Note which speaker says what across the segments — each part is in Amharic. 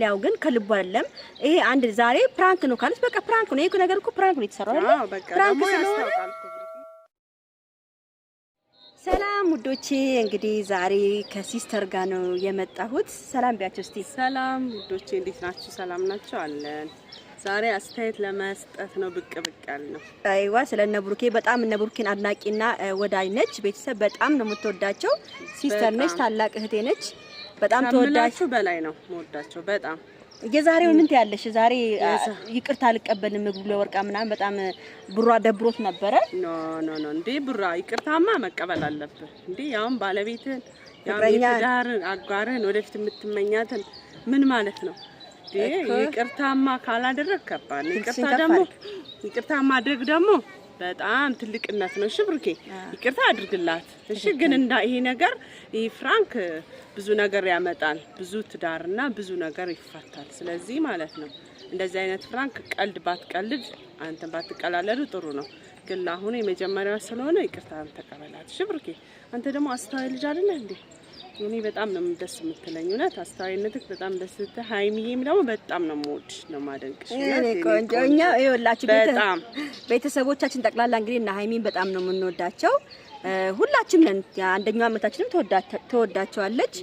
Speaker 1: ሊያው ግን ከልቡ አይደለም። ይሄ አንድ ዛሬ ፕራንክ ነው ካለች በቃ ፕራንክ ነው። ይሄ ነገር እኮ ፕራንክ ነው የተሰራው
Speaker 2: አይደል? ፕራንክ ስለሆነ
Speaker 1: ሰላም ውዶቼ፣ እንግዲህ ዛሬ ከሲስተር ጋር ነው የመጣሁት። ሰላም ቢያቸው እስቲ።
Speaker 2: ሰላም ውዶቼ፣ እንዴት ናችሁ? ሰላም ናቸው አለን። ዛሬ አስተያየት ለመስጠት ነው ብቅ ብቅ ያል ነው።
Speaker 1: አይዋ ስለ እነ ብሩኬ በጣም እነ ብሩኬን አድናቂና ወዳጅ ነች። ቤተሰብ በጣም ነው የምትወዳቸው። ሲስተር ነች፣ ታላቅ እህቴ ነች። በጣም ተወዳጅ
Speaker 2: በላይ ነው መወዳቸው በጣም
Speaker 1: የዛሬው ምን ያለሽ ዛሬ ይቅርታ አልቀበልም ምግቡ ለወርቃ ምናምን በጣም ብሯ ደብሮት ነበረ።
Speaker 2: ኖ ኖ ኖ እንዴ ብሯ ይቅርታማ መቀበል አለብህ እንዴ ያውም ባለቤትን ያውም ትዳርን አጋርን ወደፊት የምትመኛትን ምን ማለት ነው እንዴ ይቅርታማ ካላደረግ ከባድ ይቅርታ ደግሞ ይቅርታ ማድረግ ደግሞ በጣም ትልቅነት ነው። እሺ ብሩኬ ይቅርታ አድርግላት። እሺ ግን እንዳ ይሄ ነገር ይሄ ፍራንክ ብዙ ነገር ያመጣል። ብዙ ትዳርና ብዙ ነገር ይፋታል። ስለዚህ ማለት ነው እንደዚህ አይነት ፍራንክ ቀልድ ባትቀልድ፣ አንተን ባትቀላለዱ ጥሩ ነው። ግን ለአሁኑ የመጀመሪያዋ ስለሆነ ይቅርታ ተቀበላት። እሺ ብሩኬ አንተ ደግሞ አስተዋይ ልጅ አይደለህ እንዴ? እኔ በጣም ነው ደስ የምትለኝ። እውነት አስተዋይነትህ በጣም ደስ ትል። ሀይሚዬም ደግሞ በጣም ነው ሞድ ነው የማደንቅሽ።
Speaker 1: ቆንጆ እኛ ይኸውላችሁ ቤተሰቦቻችን ጠቅላላ እንግዲህ እና ሀይሚን በጣም ነው የምንወዳቸው። ሁላችን ነን። አንደኛው አመታችንም ተወዳቸዋለች።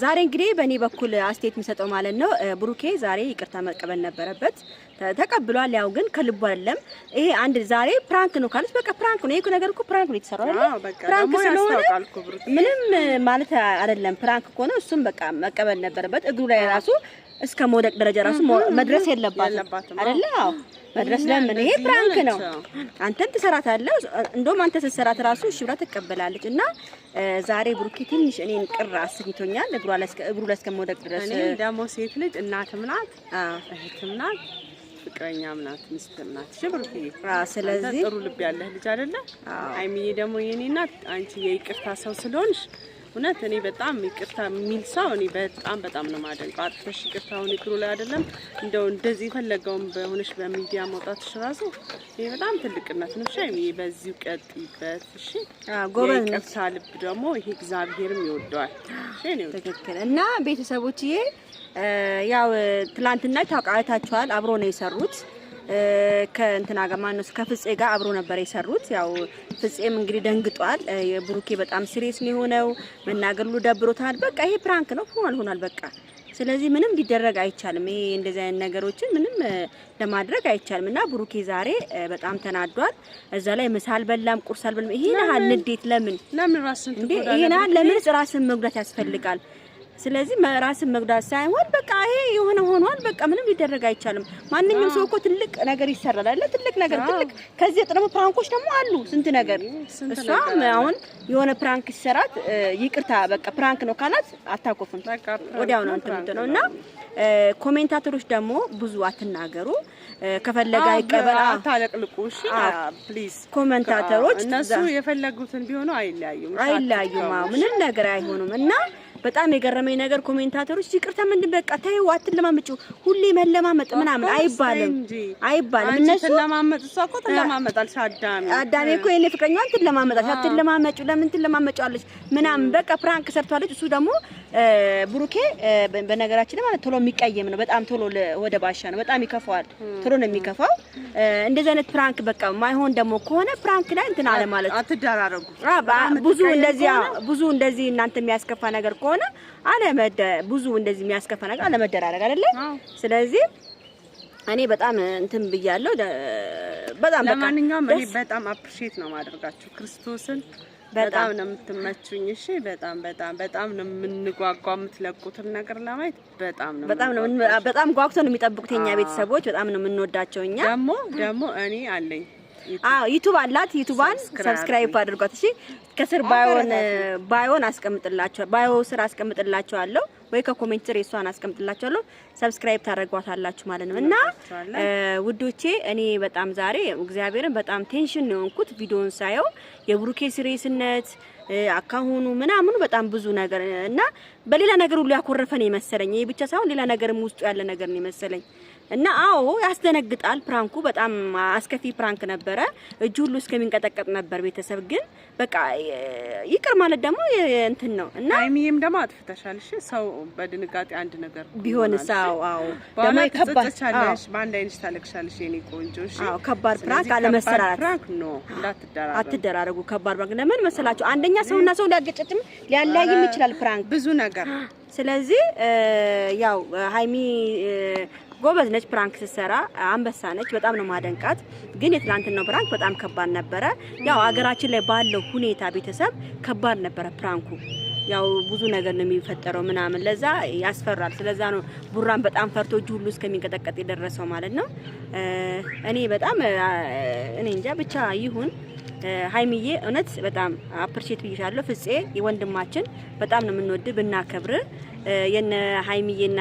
Speaker 1: ዛሬ እንግዲህ በእኔ በኩል አስተያየት የምሰጠው ማለት ነው ብሩኬ ዛሬ ይቅርታ መቀበል ነበረበት፣ ተቀብሏል። ያው ግን ከልቡ አይደለም። ይሄ አንድ ዛሬ ፕራንክ ነው ካለች በቃ ፕራንክ ነው። ይሄ ነገር እኮ ፕራንክ ነው የተሰራው አይደል? ፕራንክ ስለሆነ ምንም ማለት አይደለም። ፕራንክ ከሆነ እሱም በቃ መቀበል ነበረበት። እግሩ ላይ ራሱ እስከ መውደቅ ደረጃ ራሱ መድረስ የለባትም አይደለ? አዎ መድረስ። ለምን ይሄ ፕራንክ ነው። አንተም ትሰራታለህ። እንደውም አንተ ስትሰራት ራሱ እሺ ብላ ትቀበላለች። እና ዛሬ ብሩኬ ትንሽ እኔን ቅር አስኝቶኛል፣ እግሩ ላይ እስከ መውደቅ ድረስ። እኔ
Speaker 2: ደግሞ ሴት ልጅ እናትም ናት፣ እህትም ናት፣ ፍቅረኛም ናት፣ ሚስትም ናት። እሺ ብሩኬ፣ ስለዚህ ጥሩ ልብ ያለህ ልጅ አይደለ? አይሚዬ ደግሞ የኔ ናት። አንቺ የይቅርታ ሰው ስለሆንሽ እውነት እኔ በጣም ይቅርታ የሚል ሰው እኔ በጣም በጣም ነው ማደንቀው። አጥፍተሽ ይቅርታ አሁን እግሩ ላይ አይደለም እንደው እንደዚህ የፈለገውን በሆነሽ በሚዲያ መውጣት ራሱ ይህ በጣም ትልቅነት ነው። ሻ እሺ በዚሁ ቀጥይበት። እሺ ጎበዝ ይቅርታ ልብ ደግሞ ይሄ እግዚአብሔርም ይወደዋል።
Speaker 1: ትክክል። እና ቤተሰቦችዬ ያው ትላንትና ታውቃታችኋል፣ አብሮ ነው የሰሩት ከእንትና ጋር ማነው ከፍጼ ጋር አብሮ ነበር የሰሩት። ያው ፍጼም እንግዲህ ደንግጧል። የብሩኬ በጣም ሲሪየስ ነው የሆነው፣ መናገሩ ደብሮታል። በቃ ይሄ ፕራንክ ነው ሆኗል ሆኗል በቃ ስለዚህ ምንም ሊደረግ አይቻልም። ይሄ እንደዚህ አይነት ነገሮችን ምንም ለማድረግ አይቻልም። እና ብሩኬ ዛሬ በጣም ተናዷል። እዛ ላይ ምሳ አልበላም፣ ቁርስ አልበላም። ይሄ ያህል ንዴት ለምን ለምን ራስን ለምን ራስን መጉዳት ያስፈልጋል? ስለዚህ ራስን መጉዳት ሳይሆን ይሄ የሆነ ሆኗል። በቃ ምንም ሊደረግ አይቻልም። ማንኛውም ሰው እኮ ትልቅ ነገር ይሰራል አይደል? ትልቅ ነገር ትልቅ። ከዚህ የጥረሙ ፕራንኮች ደግሞ አሉ ስንት ነገር። እሷ አሁን የሆነ ፕራንክ ይሰራት ይቅርታ በቃ ፕራንክ ነው ካላት አታኮፍም፣ ወዲያው ነው እንትን ነው እና ኮሜንታተሮች ደግሞ ብዙ አትናገሩ። ከፈለጋ ይቀበል
Speaker 2: አታለቅልቁ። እሺ ፕሊዝ
Speaker 1: ኮሜንታተሮች
Speaker 2: እነሱ የፈለጉትን ቢሆኑ አይለያዩም፣
Speaker 1: አይለያዩም። ምንም ነገር አይሆኑም እና በጣም የገረመኝ ነገር ኮሜንታተሮች ይቅርታ ምን በቃ ተይው፣ አትለማመጪው ሁሌ መለማመጥ ምናምን አይባልም አይባልም። እነሱ
Speaker 2: ለማመጥ እሷ እኮ ትለማመጣለች። አዳሜ
Speaker 1: አዳሜ እኮ የኔ ፍቅረኛዋ ትለማመጣለች። አትለማመጪው ለምን ትለማመጪዋለች ምናምን በቃ ፕራንክ ሰርቷለች። እሱ ደግሞ ብሩኬ በነገራችን ላይ ማለት ቶሎ የሚቀየም ነው። በጣም ቶሎ ወደ ባሻ ነው። በጣም ይከፋዋል። ቶሎ ነው የሚከፋው። እንደዚህ አይነት ፕራንክ በቃ ማይሆን ደግሞ ከሆነ ፕራንክ ላይ እንትን አለ ማለት
Speaker 2: አትደራረጉ።
Speaker 1: ብዙ እንደዚህ ብዙ እንደዚህ እናንተ የሚያስከፋ ነገር ከሆነ አለ ብዙ እንደዚህ የሚያስከፋ ነገር አለ መደራረግ አይደለ? ስለዚህ እኔ በጣም እንትን ብያለሁ።
Speaker 2: በጣም በቃ ለማንኛውም እኔ በጣም አፕሪሼት ነው ማደርጋችሁ ክርስቶስን በጣም ነው የምትመቹኝ። እሺ፣ በጣም በጣም በጣም ነው የምንጓጓ የምትለቁትን ነገር ለማየት በጣም ነው
Speaker 1: በጣም ነው በጣም ጓጉቶ ነው የሚጠብቁት የኛ ቤተሰቦች። በጣም ነው የምንወዳቸው እኛ
Speaker 2: ደግሞ ደግሞ እኔ አለኝ
Speaker 1: አዎ ዩቲዩብ አላት። ዩቲዩባን ሰብስክራይብ አድርጓት። እሺ፣ ከስር ባዮን ባዮን አስቀምጥላችኋለሁ ባዮ ስራ አስቀምጥላችኋለሁ። ወይ ከኮሜንት ስር እሷን አስቀምጥላችኋለሁ። ሰብስክራይብ ታደርጓታላችሁ ማለት ነው። እና ውዶቼ እኔ በጣም ዛሬ እግዚአብሔርን በጣም ቴንሽን ነው የሆንኩት ቪዲዮን ሳየው የብሩኬ ሲሪየስነት አካሁኑ ምናምኑ በጣም ብዙ ነገር እና በሌላ ነገር ሁሉ ያኮረፈን የመሰለኝ ይህ ብቻ ሳይሆን ሌላ ነገርም ውስጡ ያለ ነገር ነው የመሰለኝ እና አዎ ያስደነግጣል። ፕራንኩ በጣም አስከፊ ፕራንክ ነበረ። እጁ ሁሉ እስከሚንቀጠቀጥ ነበር። ቤተሰብ ግን በቃ ይቅር ማለት ደግሞ እንትን ነው
Speaker 2: እና አይሚም ደግሞ አጥፍተሻል። እሺ ሰው በድንጋጤ አንድ ነገር
Speaker 1: ቢሆን ሳው አዎ
Speaker 2: ደግሞ ይከባቻለሽ፣ በአንድ አይንሽ ታለቅሻለሽ የኔ ቆንጆ። እሺ አዎ
Speaker 1: ከባድ ፕራንክ አለመሰራራት ፕራንክ
Speaker 2: ነው። እንዳትደራረጉ
Speaker 1: አትደራረጉ። ከባድ ፕራንክ ለምን መሰላችሁ? አንደኛ ሰውና ሰው ሊያገጨጭም ሊያለያይም ይችላል ፕራንክ ብዙ ነገር። ስለዚህ ያው ሀይሚ ጎበዝ ነች፣ ፕራንክ ስትሰራ አንበሳ ነች። በጣም ነው ማደንቃት። ግን የትናንትናው ፕራንክ በጣም ከባድ ነበረ። ያው አገራችን ላይ ባለው ሁኔታ ቤተሰብ ከባድ ነበረ ፕራንኩ። ያው ብዙ ነገር ነው የሚፈጠረው ምናምን፣ ለዛ ያስፈራል። ስለዛ ነው ቡራን በጣም ፈርቶ እጁ ሁሉ እስከሚንቀጠቀጥ የደረሰው ማለት ነው። እኔ በጣም እኔ እንጃ ብቻ ይሁን ሀይሚዬ እውነት በጣም አፕሪሼት ብይሻለሁ። ፍጼ የወንድማችን በጣም ነው የምንወድ ብናከብር የነ ሀይሚዬና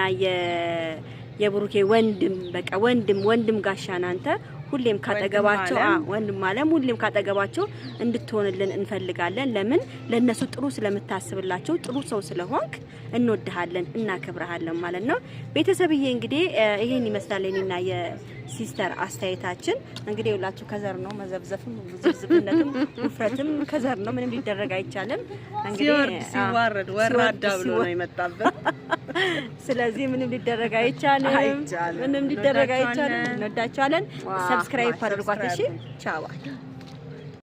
Speaker 1: የብሩኬ ወንድም በቃ ወንድም ወንድም ጋሻ ናንተ ሁሌም ካጠገባቸው ወንድም ማለም ሁሌም ካጠገባቸው እንድትሆንልን እንፈልጋለን። ለምን ለነሱ ጥሩ ስለምታስብላቸው ጥሩ ሰው ስለሆንክ እንወድሃለን፣ እናከብረሃለን ማለት ነው። ቤተሰብዬ እንግዲህ ይሄን ይመስላል እኔና ሲስተር አስተያየታችን እንግዲህ ሁላችሁ ከዘር ነው መዘብዘፍም ዝብዝብነትም ውፍረትም ከዘር ነው ምንም ሊደረግ አይቻልም።
Speaker 2: ሲወርድ ሲዋረድ ወራዳ ብሎ ነው የመጣበት።
Speaker 1: ስለዚህ ምንም ሊደረግ አይቻልም፣ ምንም ሊደረግ አይቻልም። እንወዳችኋለን። ሰብስክራይብ አድርጓት። እሺ ቻዋ